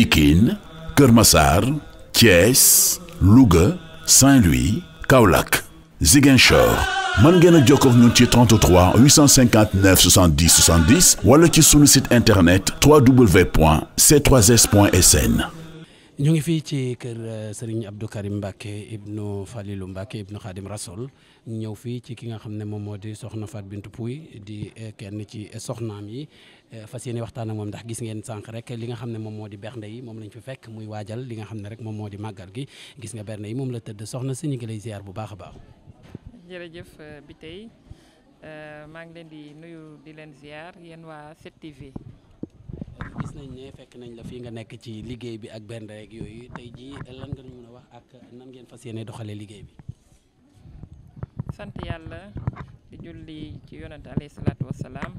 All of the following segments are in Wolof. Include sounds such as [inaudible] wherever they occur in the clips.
Pikine Kër Massar Thiès Louga Saint-Louis Kaolack Ziguinchor mën ngeen a jokkoo ak ñun ci 33 859 70 70 wala ci sunu site internet www.c3s.sn ñu ngi fii ci kër eh, Serigne Abdou Karim Mbacke ibnu Falilou Mbacke ibnu Khadim Rasoul ñëw fii ci ki nga xam ne moom moo di soxna Fat Bintou Pouy di eh, kenn ci eh, soxnaam yi fas yéene waxtaan ak moom ndax gis ngeen sànq rek li nga xam ne moom moo di bernde yi moom lañ fi fekk muy waajal li nga xam ne rek moom moo di màggal gi gis nga bernde yi moom la tëdd soxna si ñu ngi lay ziar bu baax a baax. jërëjëf bi tey maa ngi leen di nuyu di leen ziar yéen waa 7 nañ ne fekk nañ la fii nga nekk ci liggéey bi ak benn rek yooyu tey jii lan nga mun a wax ak nan ngeen fas yéene doxalee liggéey bi. sant yàlla di julli ci yonent alayhi salaatu wassalaam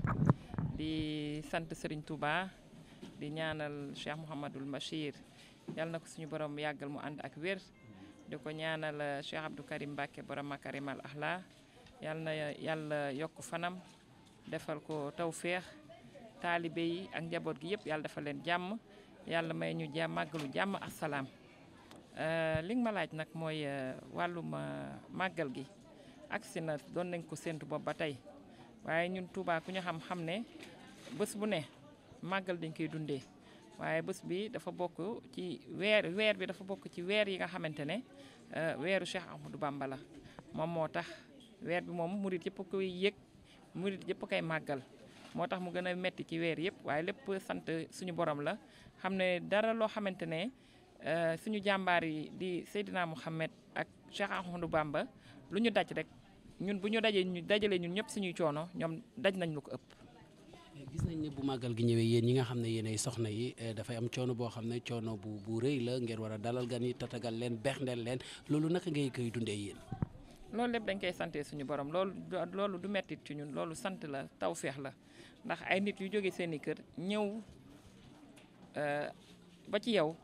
di sant sëriñ tubaa di ñaanal Cheikh Mouhamadul Bachir yàlla na ko suñu borom yàggal mu ànd ak wér di ko ñaanal Cheikh Abdou Karim Mbacke borom Makarimal Ahla yàlla yàlla yokk fanam defal ko tawféex. taalibe yi ak njaboot gi yëpp yàlla dafa leen jàmm yàlla may ñu jàmm màggalu jàmm ak salaam euh, li ma laaj nag mooy euh, wàllum euh, màggal gi agsi na doon nañ ko séntu bopp ba tey waaye ñun Touba ku ñu xam-xam ne bés bu ne màggal dañ koy dundee waaye bés bi dafa bokk ci weer weer bi dafa bokk ci weer yi nga xamante ne weeru Cheikh Ahmadou Bamba la moom moo tax weer bi moom murit yëpp koy yëg murit yëpp koy màggal moo tax mu gën a metti ci weer yëpp waaye lépp sant suñu borom la xam ne dara loo xamante ne euh, suñu jàmbaar yi di Seydina Mouhamed ak Cheikh Ahmadou bàmba lu ñu daj rek ñun bu ñu dajee ñu dajalee ñun ñëpp suñuy coono ñoom daj nañ lu ko ëpp. gis nañ ne bu màggal gi ñëwee yéen ñi nga xam ne yéenay soxna yi euh, dafay am coono boo xam ne coono bu bu rëy la ngeen war a dalal gan yi tatagal leen bexndeel leen loolu naka ngay koy dundee yéen. loolu lépp dañ koy sante suñu borom loolu loolu du mettit ci ñun loolu sant la tawféex la ndax ay nit yu jóge seen i kër ñëw euh, ba ci yow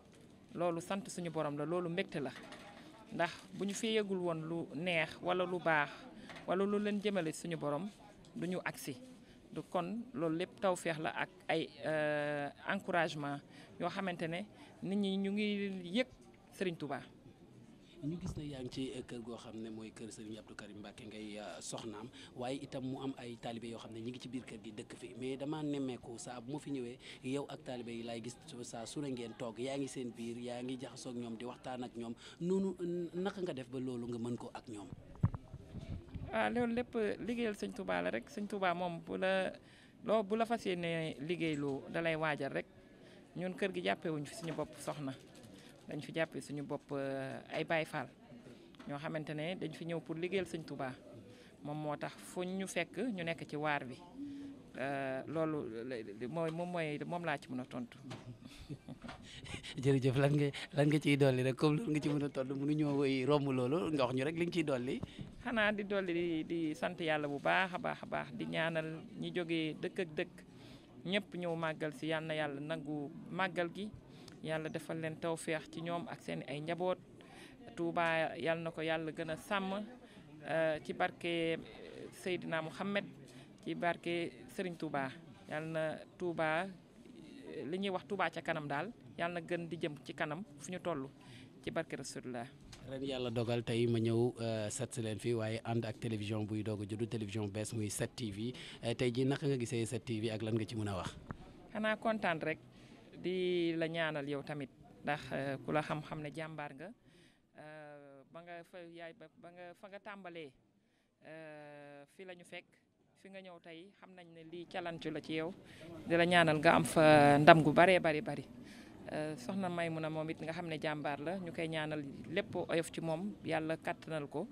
loolu sant suñu borom la loolu mbégte la ndax bu ñu fi yëgul woon lu neex wala lu baax wala lu leen jëmale suñu borom du ñu agsi du kon loolu lépp tawféex la ak ay euh, encouragement yoo xamante ne nit ñi ñu ngi yëg Serigne Touba. ñu gis na yaa ngi ci eh, kër goo xam ne mooy kër Serigne Abdou Karim Mbacke ngay eh, soxnaam waaye itam mu am ay taalibe yoo xam ne ñi ngi ci biir kër gi dëkk fi mais dama nemmeeku saa bu mu fi ñëwee yow ak taalibe yi laay gis saa su ne ngeen toog yaa ngi seen biir yaa ngi jaxasoo ak ñoom di waxtaan ak ñoom noonu naka nga def ba loolu nga mën ko ak ñoom. waaw ah, loolu lépp liggéeyal sëñ Touba la rek sëñ Touba moom bu la loo bu la fas yéenee liggéey loo dalay lay waajal rek ñun kër gi jàppewuñ fi suñu bopp soxna dañ fi jàppee suñu bopp eh, ay Baay Faal ñoo xamante ne dañ fi ñëw pour liggéeyal sëñ Touba moom moo tax fuñ ñu fekk ñu nekk ci waar bi eh, loolu eh, mooy moom moom laa ci mën a tontu. [laughs] jërëjëf lan nga lan nga ciy dolli rek comme loolu nga ci mën a tontu mënu ñoo woy romb loolu nga ñu rek li nga ciy dolli. xanaa di dolli di di sant yàlla bu baax a baax a baax di ñaanal ñi jógee dëkk ak dëkk ñëpp ñëw màggal si yàlla yàlla nagu màggal gi. yàlla defal leen tawféex ci ñoom ak seen ay njaboot Touba yàlla na ko yàlla gën a sàmm euh, ci barke euh, Seydina Mouhamed ci barke sëriñ Touba yàlla na Touba euh, li ñuy wax Touba ca kanam daal yàlla na gën di jëm ci kanam fu ñu toll ci barke Rasulullah ren yàlla dogal tey ma ñëw set si leen fii waaye ànd ak télévision buy doog a juddu télévision bees muy 7TV tey ji naka nga gisee 7TV ak lan nga ci mën a wax. xanaa kontaan rek. di la ñaanal yow tamit ndax euh, ku la xam-xam ne jàmbaar nga euh, ba nga fa nga fa nga tàmbalee euh, fi la ñu fekk fi nga ñëw tey xam nañ ne lii calancu la ci yow di la ñaanal nga am fa ndam gu baree bari bari soxna may Maymuna moom it nga xam ne jàmbaar la ñu koy ñaanal lépp oyof ci moom yàlla kàttanal ko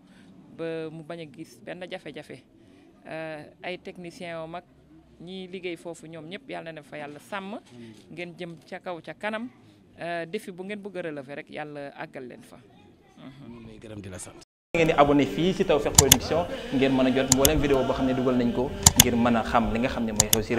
ba mu bañ a gis benn jafe-jafe ay technicien o mag ñi liggéey foofu ñoom ñëpp yàlla na fa yàlla sàmm ngeen jëm ca kaw ca kanam euh, défi bu ngeen bëgg a relever rek yàlla àggal leen fa. ñu lay gërëm di la sant. ngeen di abonné fii ci Tawfekh Production ngeen mën a jot mboolem vidéo boo xam ne dugal nañ ko ngir mën a xam li nga xam ne mooy xew ci